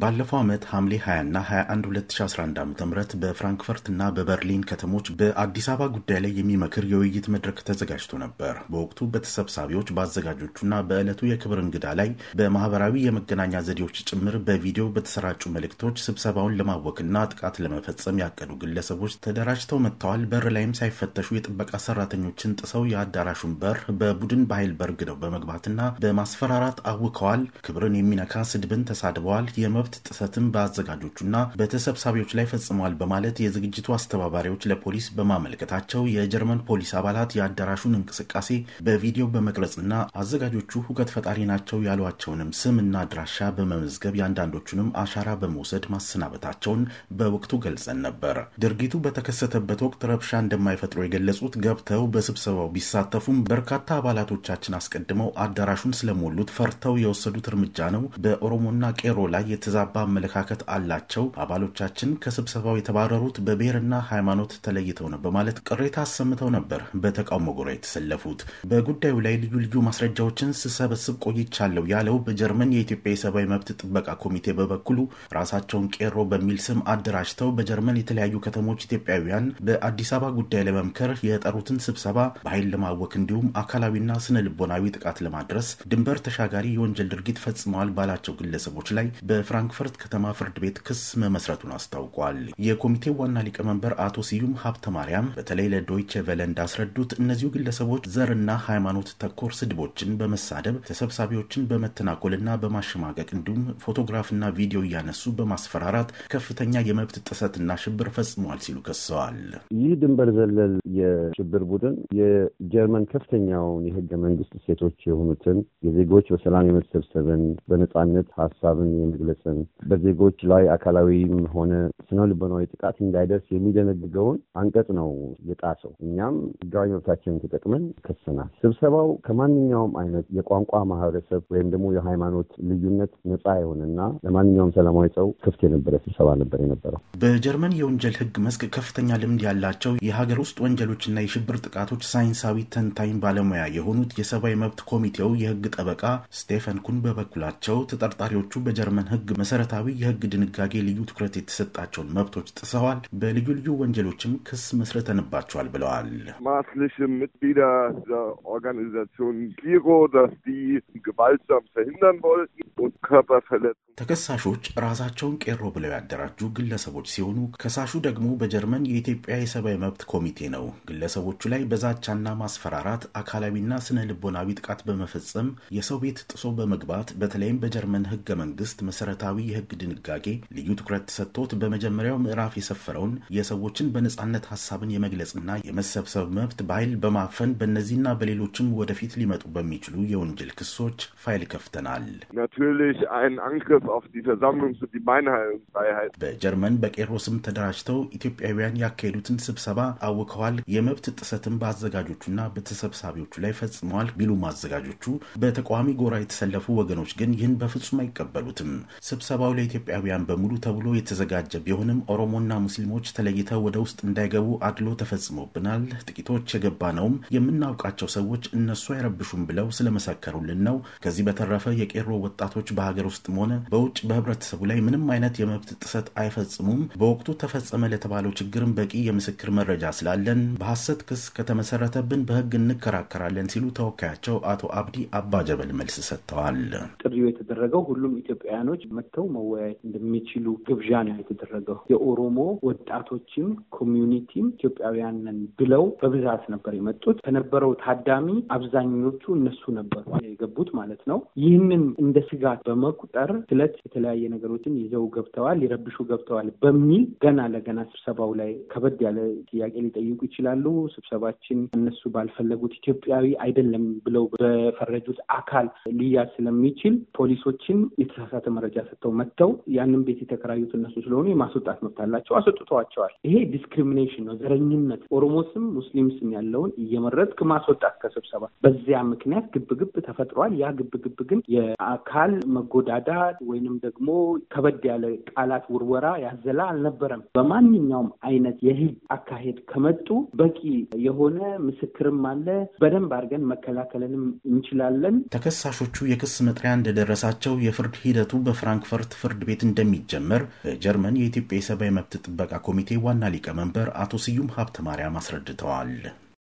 ባለፈው ዓመት ሐምሌ 20ና 21 2011 ዓ ም በፍራንክፈርትና በበርሊን ከተሞች በአዲስ አበባ ጉዳይ ላይ የሚመክር የውይይት መድረክ ተዘጋጅቶ ነበር። በወቅቱ በተሰብሳቢዎች በአዘጋጆቹና በዕለቱ የክብር እንግዳ ላይ በማህበራዊ የመገናኛ ዘዴዎች ጭምር በቪዲዮ በተሰራጩ መልእክቶች ስብሰባውን ና ጥቃት ለመፈጸም ያቀዱ ግለሰቦች ተደራጅተው መጥተዋል። በር ላይም ሳይፈተሹ የጥበቃ ሰራተኞችን ጥሰው የአዳራሹን በር በቡድን በኃይል በርግደው በመግባትና በማስፈራራት አውከዋል። ክብርን የሚነካ ስድብን ተሳድበዋል። የመ መብት ጥሰትም በአዘጋጆቹና በተሰብሳቢዎች ላይ ፈጽመዋል በማለት የዝግጅቱ አስተባባሪዎች ለፖሊስ በማመልከታቸው የጀርመን ፖሊስ አባላት የአዳራሹን እንቅስቃሴ በቪዲዮ በመቅረጽና አዘጋጆቹ ሁከት ፈጣሪ ናቸው ያሏቸውንም ስም እና አድራሻ በመመዝገብ የአንዳንዶቹንም አሻራ በመውሰድ ማሰናበታቸውን በወቅቱ ገልጸን ነበር። ድርጊቱ በተከሰተበት ወቅት ረብሻ እንደማይፈጥሩ የገለጹት ገብተው በስብሰባው ቢሳተፉም በርካታ አባላቶቻችን አስቀድመው አዳራሹን ስለሞሉት ፈርተው የወሰዱት እርምጃ ነው። በኦሮሞና ቄሮ ላይ የተዘ የተዛባ አመለካከት አላቸው፣ አባሎቻችን ከስብሰባው የተባረሩት በብሔርና ሃይማኖት ተለይተው ነው በማለት ቅሬታ አሰምተው ነበር በተቃውሞ ጎራ የተሰለፉት። በጉዳዩ ላይ ልዩ ልዩ ማስረጃዎችን ስሰበስብ ቆይቻለሁ ያለው በጀርመን የኢትዮጵያ የሰብአዊ መብት ጥበቃ ኮሚቴ በበኩሉ ራሳቸውን ቄሮ በሚል ስም አደራጅተው በጀርመን የተለያዩ ከተሞች ኢትዮጵያውያን በአዲስ አበባ ጉዳይ ለመምከር የጠሩትን ስብሰባ በኃይል ለማወክ እንዲሁም አካላዊና ስነ ልቦናዊ ጥቃት ለማድረስ ድንበር ተሻጋሪ የወንጀል ድርጊት ፈጽመዋል ባላቸው ግለሰቦች ላይ በፍራ ፍራንክፈርት ከተማ ፍርድ ቤት ክስ መመስረቱን አስታውቋል። የኮሚቴው ዋና ሊቀመንበር አቶ ስዩም ሀብተ ማርያም በተለይ ለዶይቼ ቬለ እንዳስረዱት እነዚሁ ግለሰቦች ዘርና ሃይማኖት ተኮር ስድቦችን በመሳደብ ተሰብሳቢዎችን በመተናኮልና በማሸማቀቅ እንዲሁም ፎቶግራፍና ቪዲዮ እያነሱ በማስፈራራት ከፍተኛ የመብት ጥሰትና ሽብር ፈጽሟል ሲሉ ከሰዋል። ይህ ድንበር ዘለል የሽብር ቡድን የጀርመን ከፍተኛውን የህገ መንግስት እሴቶች የሆኑትን የዜጎች በሰላም የመሰብሰብን፣ በነፃነት ሀሳብን የመግለጽን በዜጎች ላይ አካላዊም ሆነ ስነ ልቦናዊ ጥቃት እንዳይደርስ የሚደነግገውን አንቀጽ ነው የጣሰው። እኛም ህጋዊ መብታችንን ተጠቅመን ከሰናል። ስብሰባው ከማንኛውም አይነት የቋንቋ ማህበረሰብ ወይም ደግሞ የሃይማኖት ልዩነት ነፃ የሆነና ለማንኛውም ሰላማዊ ሰው ክፍት የነበረ ስብሰባ ነበር የነበረው። በጀርመን የወንጀል ህግ መስክ ከፍተኛ ልምድ ያላቸው የሀገር ውስጥ ወንጀሎችና የሽብር ጥቃቶች ሳይንሳዊ ተንታኝ ባለሙያ የሆኑት የሰብአዊ መብት ኮሚቴው የህግ ጠበቃ ስቴፈን ኩን በበኩላቸው ተጠርጣሪዎቹ በጀርመን ህግ መሰረታዊ የህግ ድንጋጌ ልዩ ትኩረት የተሰጣቸውን መብቶች ጥሰዋል፣ በልዩ ልዩ ወንጀሎችም ክስ መስርተንባቸዋል ብለዋል። ተከሳሾች ራሳቸውን ቄሮ ብለው ያደራጁ ግለሰቦች ሲሆኑ ከሳሹ ደግሞ በጀርመን የኢትዮጵያ የሰብአዊ መብት ኮሚቴ ነው። ግለሰቦቹ ላይ በዛቻና ማስፈራራት አካላዊና ስነ ልቦናዊ ጥቃት በመፈጸም የሰው ቤት ጥሶ በመግባት በተለይም በጀርመን ህገ መንግስት መሰረታ ፍትሐዊ የህግ ድንጋጌ ልዩ ትኩረት ተሰጥቶት በመጀመሪያው ምዕራፍ የሰፈረውን የሰዎችን በነጻነት ሀሳብን የመግለጽና የመሰብሰብ መብት በኃይል በማፈን በእነዚህና በሌሎችም ወደፊት ሊመጡ በሚችሉ የወንጀል ክሶች ፋይል ከፍተናል። በጀርመን በቄሮስም ተደራጅተው ኢትዮጵያውያን ያካሄዱትን ስብሰባ አውከዋል፣ የመብት ጥሰትን በአዘጋጆቹና በተሰብሳቢዎቹ ላይ ፈጽመዋል ቢሉም አዘጋጆቹ በተቃዋሚ ጎራ የተሰለፉ ወገኖች ግን ይህን በፍጹም አይቀበሉትም። ስብሰባው ለኢትዮጵያውያን በሙሉ ተብሎ የተዘጋጀ ቢሆንም ኦሮሞና ሙስሊሞች ተለይተው ወደ ውስጥ እንዳይገቡ አድሎ ተፈጽሞብናል፣ ጥቂቶች የገባ ነውም የምናውቃቸው ሰዎች እነሱ አይረብሹም ብለው ስለመሰከሩልን ነው። ከዚህ በተረፈ የቄሮ ወጣቶች በሀገር ውስጥም ሆነ በውጭ በህብረተሰቡ ላይ ምንም አይነት የመብት ጥሰት አይፈጽሙም። በወቅቱ ተፈጸመ ለተባለው ችግርም በቂ የምስክር መረጃ ስላለን በሐሰት ክስ ከተመሰረተብን በህግ እንከራከራለን ሲሉ ተወካያቸው አቶ አብዲ አባ ጀበል መልስ ሰጥተዋል። ጥሪው የተደረገው ሁሉም ኢትዮጵያውያኖች መጥተው መወያየት እንደሚችሉ ግብዣ ነው የተደረገው። የኦሮሞ ወጣቶችም ኮሚዩኒቲም ኢትዮጵያውያንን ብለው በብዛት ነበር የመጡት። ከነበረው ታዳሚ አብዛኞቹ እነሱ ነበሩ የገቡት ማለት ነው። ይህንን እንደ ስጋት በመቁጠር ስለት የተለያየ ነገሮችን ይዘው ገብተዋል፣ ይረብሹ ገብተዋል በሚል ገና ለገና ስብሰባው ላይ ከበድ ያለ ጥያቄ ሊጠይቁ ይችላሉ። ስብሰባችን እነሱ ባልፈለጉት ኢትዮጵያዊ አይደለም ብለው በፈረጁት አካል ሊያዝ ስለሚችል ፖሊሶችን የተሳሳተ መረጃ ተሰጥተው መጥተው ያንን ቤት የተከራዩት እነሱ ስለሆኑ የማስወጣት መብት አላቸው። አስወጥተዋቸዋል። ይሄ ዲስክሪሚኔሽን ነው፣ ዘረኝነት ኦሮሞ ስም ሙስሊም ስም ያለውን እየመረጥክ ማስወጣት ከስብሰባ። በዚያ ምክንያት ግብግብ ተፈጥሯል። ያ ግብግብ ግን የአካል መጎዳዳት ወይንም ደግሞ ከበድ ያለ ቃላት ውርወራ ያዘላ አልነበረም። በማንኛውም አይነት የህግ አካሄድ ከመጡ በቂ የሆነ ምስክርም አለ። በደንብ አድርገን መከላከልንም እንችላለን። ተከሳሾቹ የክስ መጥሪያ እንደደረሳቸው የፍርድ ሂደቱ በፍራንክ ፍራንክፈርት ፍርድ ቤት እንደሚጀመር በጀርመን የኢትዮጵያ የሰብአዊ መብት ጥበቃ ኮሚቴ ዋና ሊቀመንበር አቶ ስዩም ሀብተ ማርያም አስረድተዋል።